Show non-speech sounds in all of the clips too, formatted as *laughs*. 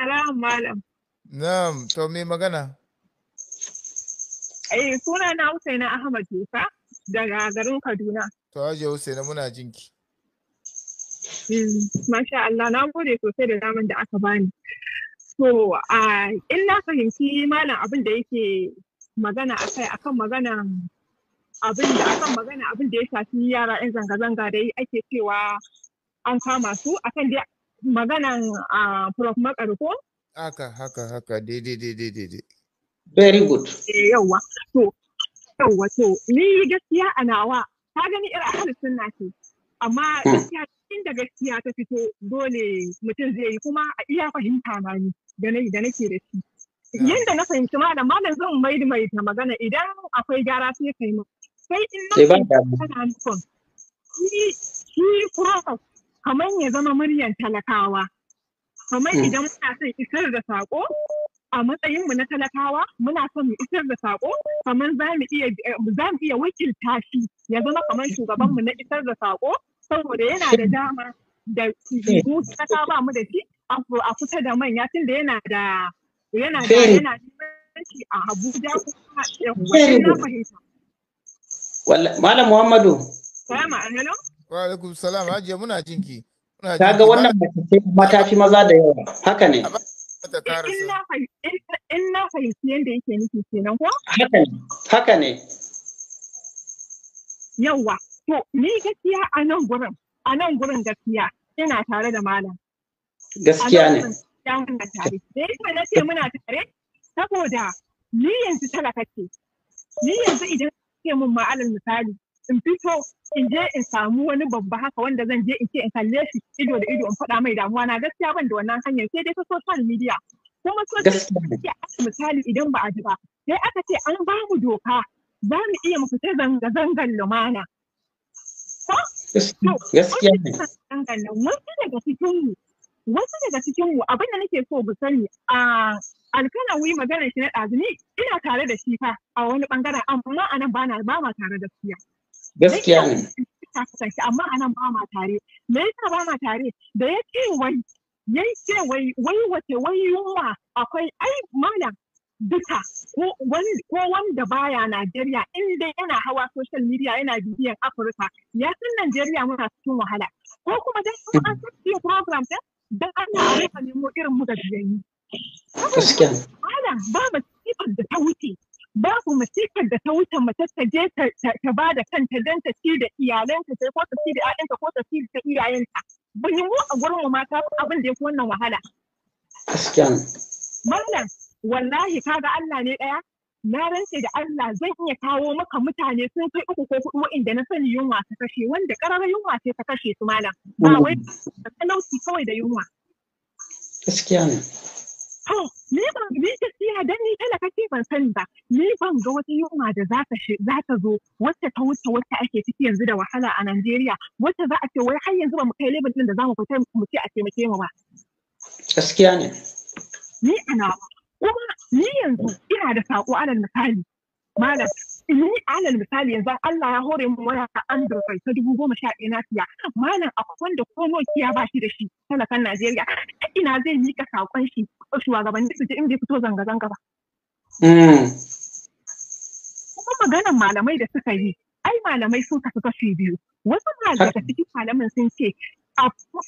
Salam malam. Na'am, to me magana? Eh, suna na Husaina Ahmad Yusa daga garin Kaduna. To aje Husaina muna jinki. Hmm, masha Allah, na gode sosai da zaman da aka bani. So, in na fahimci malam abin da yake magana akai akan magana abin da akan magana abin da ya shafi yara 'yan zanga-zanga da ake cewa an kama su akan dai maganan prof makar ko haka haka haka daidai daidai daidai very good eh, yawa to yawa to ni gaskiya a nawa ka gani irin halittun na ce amma hmm. gaskiya da gaskiya ta fito dole mutum zai yi kuma a iya fahimta ma ni da nake da shi hmm. Yanda na fahimci da malam zan mai da mai magana idan akwai gyara sai kai mu sai in na fahimci kana Ni shi shi kamar ya zama muryar talakawa kamar mm. idan muna son isar da saƙo a matsayinmu na talakawa muna son mu isar da saƙo kamar za mu iya wakilta shi ya zama kamar shugabanmu na isar da saƙo saboda yana da dama da mu talaka ba mu da shi a kusa da manya tunda yana da yana da yana shi a Abuja kuma na fahimta. Malam Muhammadu. Salamu alaikum. Wa alaikum salam hajiya muna jinki. Ta ga wannan mace ce maza da yawa haka ne. In na fahimci yadda yake nufi kenan ko? Haka ne. Haka ne. Yawwa. To ni gaskiya a nan gurin a nan gurin gaskiya ina tare da malam. Gaskiya ne. Da yake na ce muna tare saboda ni yanzu talaka ce. Ni yanzu idan ke mun ma'alar misali in fito in je in samu wani babba haka wanda zan je in ce in kalle shi ido da ido in faɗa mai damuwa na gaskiya ban da wannan hanyar sai dai ta social media kuma social media misali idan ba a ji ba sai aka ce an ba mu doka za mu iya mu fita zanga-zangar lumana. Wasu daga cikinmu, wasu daga abin da nake so bu sani a alkana wuyi maganar shi na ɗazini ina tare da shi fa a wani bangaren amma a nan ba ma tare da siya. gaskiya ne amma anan ba ma tare me yasa ba ma tare da ya ce wai ya ce wai wai wace wai yunwa akwai ai mana duka ko wanda baya Najeriya in dai yana hawa social media yana bibiyan Afirka ya san Najeriya muna cikin wahala ko kuma dan kuma an sake program da an yi mu irin mu da biyayi. Gaskiya. Ba ba ba da masifar da ta wuce mace ta je ta ba da kanta don ta ci da iyalanta sai ko ta ci da ƴaƴanta ko ta ci da iyayenta bai mu a gurin mu mata abin da ya fi wannan wahala gaskiyan mallam wallahi kaga Allah ne ɗaya na rantse da Allah zan iya kawo maka mutane sun kai uku ko hudu wa'inda na sani yunwa ta kashe wanda ƙararrar yunwa ce ta kashe su malam ba wai talauci kawai da yunwa gaskiya ne To, ni ban ni gaskiya dan ni talaka ce ban sani ba. Ni ban ga wata yunwa da za ta za ta zo wacce ta wuce wacce ake ciki yanzu da wahala a Najeriya, wacce za a ce wai har yanzu ba mu kai lebin din da za mu fita mu ce a taimake mu ba. Gaskiya ne. Ni ana kuma ni yanzu ina da sako alal misali. Malam ni alal misali yanzu Allah ya hore mu waya Android ta dubu goma sha ɗaya na siya malam akwai wanda ko Nokia ba shi da shi talakan Najeriya ta ina zai mika saƙon shi shugabanni su ji in bai fito zanga-zanga ba. Hmm. Kuma maganan malamai da suka yi ai malamai sun kasu kashi biyu wasu malamai da cikin malamin sun ce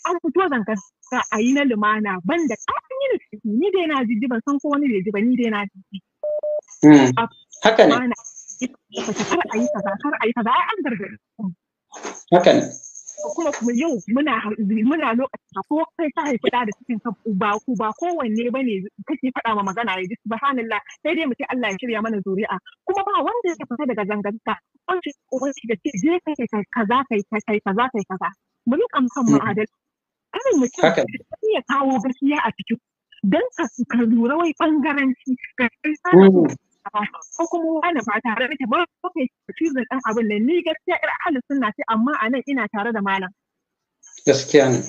an fito zanga-zanga a yi na lumana banda an yi ni dai na ji ban san ko wani bai ji ba ni dai na ji. Hmm. Haka ne. kar a yi kaza kar a yi kaza an haka ne kuma kuma yau muna muna lokacin ko kai haifi da cikin ka ba ku ba kowanne bane kake faɗa ma magana ne subhanallah sai dai mu Allah ya shirya mana zuri'a kuma ba wanda ya fita daga zanganta wanda ce je kai kaza kai kai kaza kai kaza mu rika mu adal kada mutum ya kawo gaskiya a cikin dan ka lura wai bangaranci ka kai mm. ba ko kuma wani ba tare da ba ko kai cizon ɗan abin nan ni gaskiya ira ahlus sunna ce amma a nan ina tare da malam gaskiya ne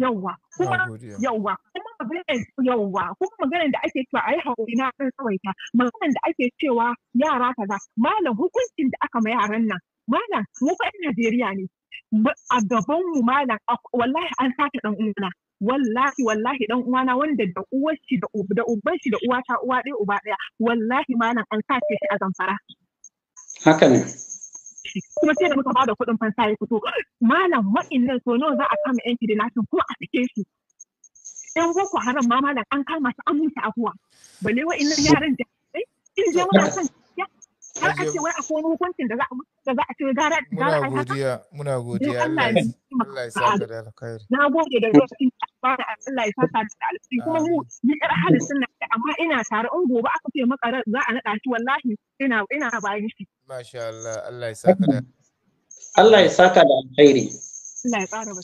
yawwa kuma yawwa kuma maganar yawwa kuma maganar da ake cewa a hakuri na ɗan tsawaita maganar da ake cewa yara kaza malam hukuncin da aka ma yaran nan malam mu fa Najeriya ne a gaban mu malam wallahi an sata ɗan uwana wallahi wallahi dan uwana wanda da uwar shi da da uban shi da uwata uwa ɗaya uba ɗaya wallahi malam an sace shi a zamfara haka ne kuma sai da muka bada kuɗin fansa ya fito malam wa'annan so nawa za a kama yan kidnapping kuma a sake shi yan boko haram ma malam an kama su an mutu abuwa balle wa'annan yaran da in je muna son har a ce wai akwai hukuncin da za a ce gara gara muna godiya muna godiya Na gode da lokacin da ba da Allah ya saka da alkhairi kuma mu ni kar halin sunna amma ina tare in gobe aka ce maka za a naɗa shi wallahi ina ina bayan shi. Masha Allah Allah ya saka da Allah ya saka da alkhairi. Allah ya ƙara eh,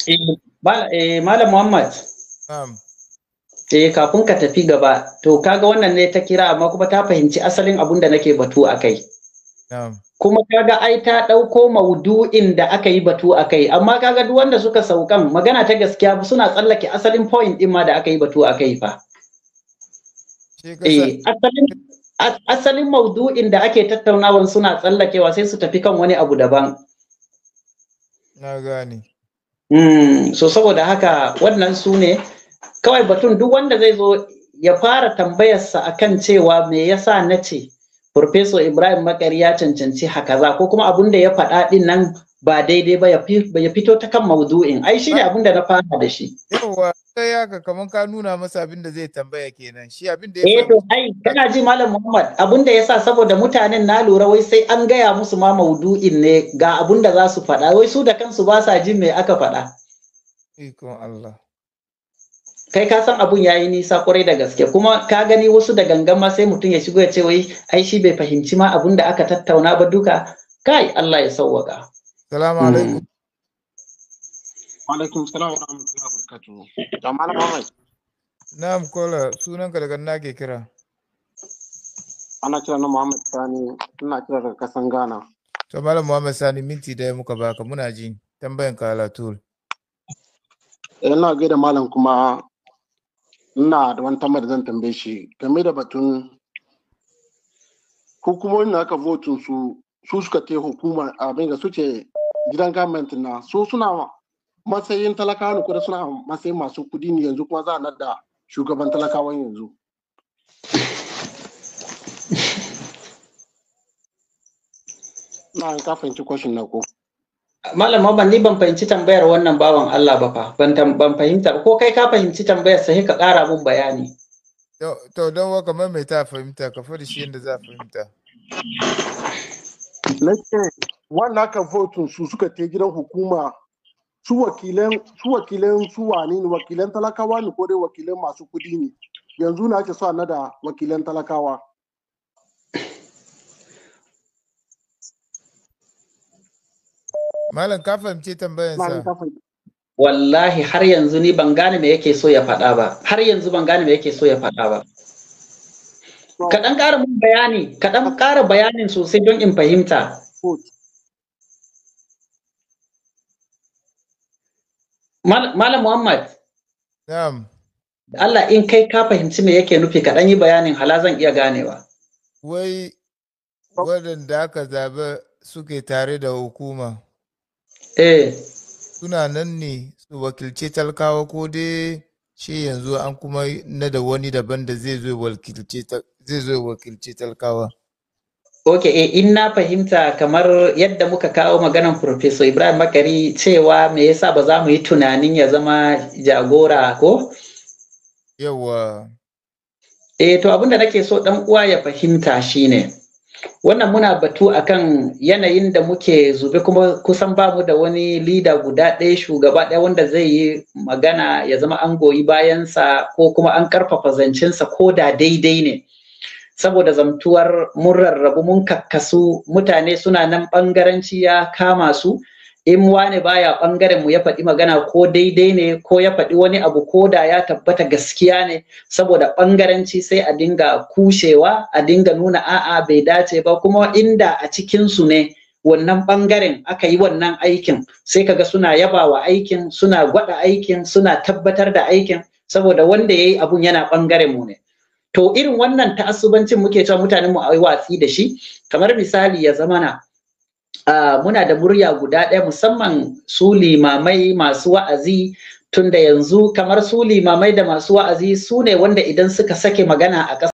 basira. Eh, Malam Muhammad. Eh kafin ka tafi gaba to kaga wannan ne ta kira amma kuma ta fahimci asalin abun da nake batu a kai. kuma kaga ai ta ɗauko maudu'in da aka yi batu a kai amma kaga duk wanda suka saukan magana ta gaskiya suna tsallake asalin point ɗin ma da aka yi batu a kai fa eh, asalin maudu'in da ake tattaunawa suna tsallakewa sai su tafi kan wani abu daban na gane mm, so saboda haka wannan su ne kawai batun duk wanda zai zo ya fara tambayarsa akan cewa me yasa na ce Profesor Ibrahim Makari ya cancanci haka za ko kuma abun da ya faɗa ɗin nan ba daidai ba ya fito ta kan maudu'in ai shi ne abin da na fara da shi. Yawwa sai ya ga kamar ka nuna masa abin da zai tambaya kenan shi abin da ya Eh to ai kana ji Malam Muhammad abin da ya sa saboda mutanen na lura wai sai an gaya musu ma maudu'in ne ga abin da za su faɗa wai su da kansu ba sa jin me aka faɗa. Ikon Allah. kai ka san abun yayi nisa kwarai da gaske kuma ka gani wasu da gangan ma sai mutum ya shigo ya ce wai ai shi bai fahimci ma abun da aka tattauna ba duka kai Allah ya sauwaka salamu hmm. alaikum alaikum salam wa rahmatullahi wa barakatuh da malam Ahmad na'am kola sunan ka daga nake kira ana kira na Muhammad Sani ina kira daga kasan Ghana to malam Muhammad Sani minti da muka baka muna jin tambayan ka alatul eh, ina gaida malam kuma ina da wani tamar zan tambaye shi game da batun hukumomin na aka votin su su suka te hukuma abin da suke gidan gwamnati na su suna matsayin talakawa ne kuma suna matsayin masu kudi ne yanzu kuma za a nada shugaban talakawan yanzu *laughs* na an ka fahimci kwashin na ko malama ban ni ban fahimci tambayar wannan bawan Allah ba fa ban ban fahimta ko kai ka fahimci tambayar sai ka ƙara mun bayani to don waka, mai mai ta fahimta ka fara shi yadda za fahimta nace wannan kan votun su suka te gidan hukuma su wakilan su wakilan su wane ne wakilan talakawa ne ko dai wakilan masu kudi ne yanzu na ake so na da wakilan talakawa Malam ka fahimci tambayar sa. Wallahi har yanzu ni ban gane me yake so ya faɗa ba. Har yanzu ban gane me yake so ya faɗa ba. Ka dan ƙara mun bayani, ka dan ƙara bayanin sosai don in fahimta. Malam Muhammad. Na'am. Allah in kai ka fahimci me yake nufi ka dan yi bayanin hala zan iya ganewa. Wai oh. waɗanda aka zaɓe suke tare da hukuma. eh suna nan ne su wakilce talakawa ko dai shi yanzu an kuma na da wani daban da zai zo wakilce talakawa Ok, e, in na fahimta kamar yadda muka kawo maganan Professor Ibrahim Makari cewa me yasa ba za mu yi tunanin ya zama jagora ko? Yawa. E, eh, to abinda nake so ɗan uwa ya fahimta shine. ne. wannan muna batu akan yanayin da muke zube kuma kusan ba mu da wani lida guda ɗaya shugaba ɗaya wanda zai yi magana ya zama an goyi bayansa ko kuma an karfafa zancensa ko da daidai ne saboda zamtuwar mun rarrabu mun kakkasu mutane suna nan ɓangaranci ya kama su in wane baya bangaren mu ya faɗi magana ko daidai ne ko ya faɗi wani abu ko da ya tabbata gaskiya ne saboda bangaranci sai a dinga kushewa a dinga nuna a'a bai dace ba kuma inda a cikin su ne wannan bangaren aka yi wannan aikin sai kaga suna yabawa aikin suna gwada aikin suna tabbatar da aikin saboda wanda ya yi abun yana bangaren mu ne to irin wannan ta'assubancin muke cewa mutanen mu a yi watsi da shi kamar misali ya zamana uh, muna da murya guda ɗaya musamman su limamai masu wa'azi tunda yanzu kamar su limamai da masu wa'azi su ne wanda idan suka sake magana a ƙasa